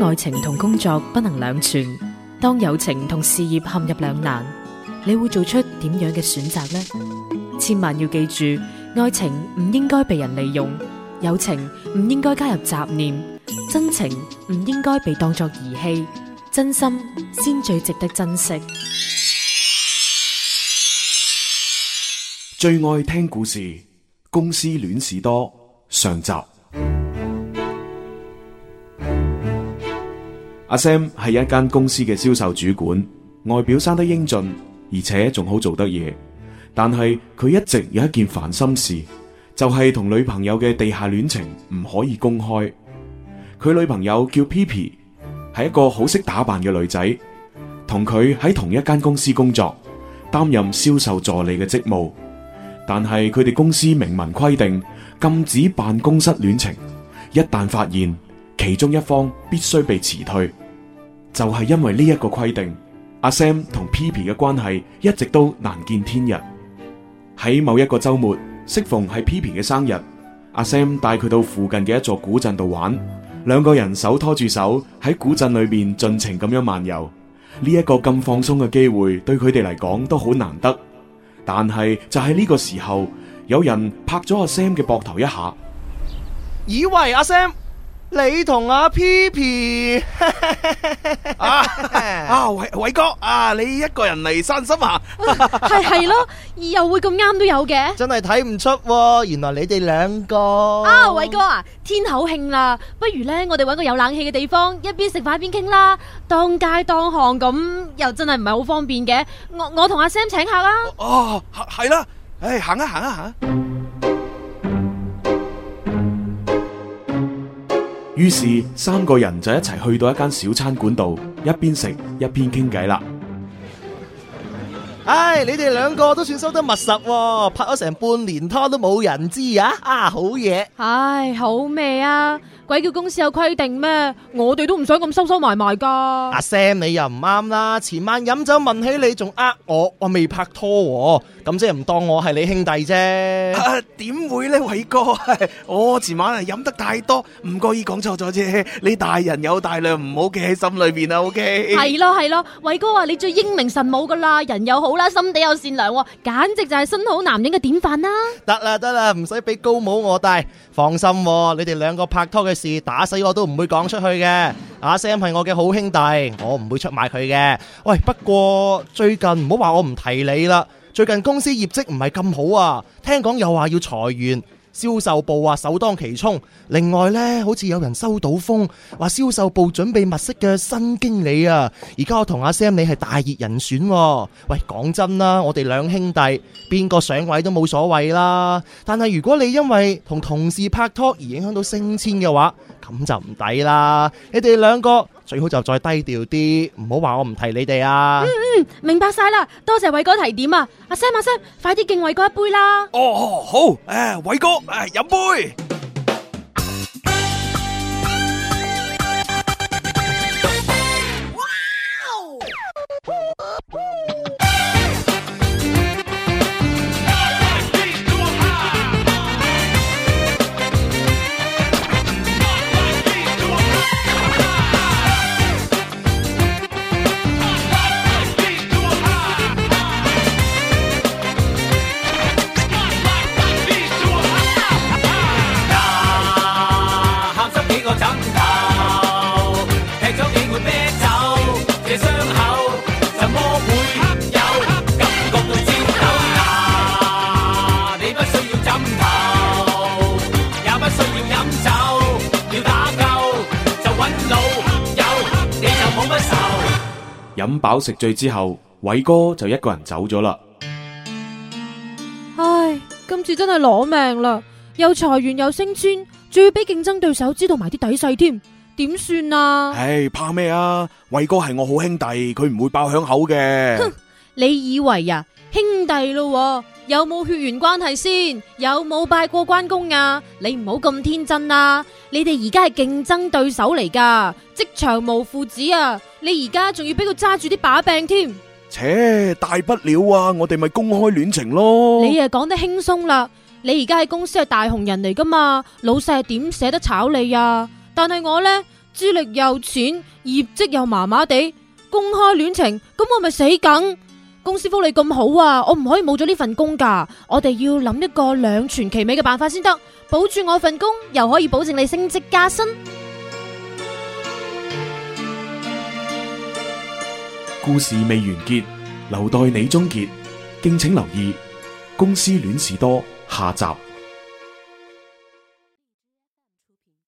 愛情同工作不能兩全，當友情同事業陷入兩難，你會做出點樣嘅選擇呢？千萬要記住，愛情唔應該被人利用，友情唔應該加入雜念，真情唔應該被當作兒戲，真心先最值得珍惜。最愛聽故事，公司戀事多，上集。阿 Sam 係一間公司嘅銷售主管，外表生得英俊，而且仲好做得嘢。但係佢一直有一件煩心事，就係同女朋友嘅地下戀情唔可以公開。佢女朋友叫 Pipi，係一個好識打扮嘅女仔，同佢喺同一間公司工作，擔任銷售助理嘅職務。但係佢哋公司明文規定禁止辦公室戀情，一旦發現，其中一方必須被辭退。就係、是、因為呢一個規定，阿 Sam 同 Pipi 嘅關係一直都難見天日。喺某一個周末，適逢係 Pipi 嘅生日，阿 Sam 帶佢到附近嘅一座古鎮度玩，兩個人手拖住手喺古鎮裏面盡情咁樣漫遊。呢、這、一個咁放鬆嘅機會對佢哋嚟講都好難得。但係就喺呢個時候，有人拍咗阿 Sam 嘅膊頭一下，以為阿 Sam。你同阿 P P 啊啊，偉偉哥啊，你一個人嚟散心啊？係係咯，又會咁啱都有嘅，真係睇唔出喎，原來你哋兩個啊。偉哥啊，天口慶啦，不如呢，我哋揾個有冷氣嘅地方，一邊食飯一邊傾啦，當街當巷咁又真係唔係好方便嘅。我我同阿 Sam 請客啊。哦，係啦。唉，行啊行啊行啊。於是三個人就一齊去到一間小餐館度，一邊食一邊傾偈啦。唉、哎，你哋兩個都算收得密實、啊，拍咗成半年拖都冇人知啊！啊，好嘢，唉、哎，好味啊！鬼叫公司有規定咩？我哋都唔想咁收收埋埋噶。阿 Sam，你又唔啱啦！前晚飲酒問起你，仲呃我，我未拍拖、啊，咁即係唔當我係你兄弟啫。點、啊、會呢？偉哥？我、 哦、前晚係飲得太多，唔故意講錯咗啫。你大人有大量，唔好記喺心裏邊啊。OK，係咯係咯，偉哥話，你最英明神武噶啦，人又好啦，心地又善良，簡直就係新好男人嘅典範啦、啊。得啦得啦，唔使俾高帽我戴，放心，你哋兩個拍拖嘅。打死我都唔會講出去嘅。阿 Sam 係我嘅好兄弟，我唔會出賣佢嘅。喂，不過最近唔好話我唔提你啦。最近公司業績唔係咁好啊，聽講又話要裁員。銷售部話首當其衝，另外呢，好似有人收到風，話銷售部準備物色嘅新經理啊！而家我同阿 Sam 你係大熱人選喎，喂，講真啦，我哋兩兄弟邊個上位都冇所謂啦，但係如果你因為同同事拍拖而影響到升遷嘅話，咁就唔抵啦！你哋兩個。最好就再低調啲，唔好話我唔提你哋啊！嗯嗯，明白晒啦，多謝偉哥提點啊！阿聲阿聲，快啲敬偉哥一杯啦！哦，好，誒，偉哥，誒、呃，飲杯。飲飽食醉之後，偉哥就一個人走咗啦。唉，今次真係攞命啦！又裁員又升遷，仲要俾競爭對手知道埋啲底細添，點算啊？唉，怕咩啊？偉哥係我好兄弟，佢唔會爆響口嘅。哼，你以為呀？兄弟咯，有冇血緣關係先？有冇拜過關公啊？你唔好咁天真啊！你哋而家係競爭對手嚟噶，職場無父子啊！你而家仲要俾佢揸住啲把柄添？切，大不了啊，我哋咪公開戀情咯！你啊講得輕鬆啦，你而家喺公司係大紅人嚟噶嘛，老細係點捨得炒你啊？但係我呢，資歷又淺，業績又麻麻地，公開戀情，咁我咪死梗。公司福利咁好啊，我唔可以冇咗呢份工㗎。我哋要諗一個兩全其美嘅辦法先得，保住我份工，又可以保證你升職加薪。故事未完結，留待你終結，敬請留意。公司戀事多，下集。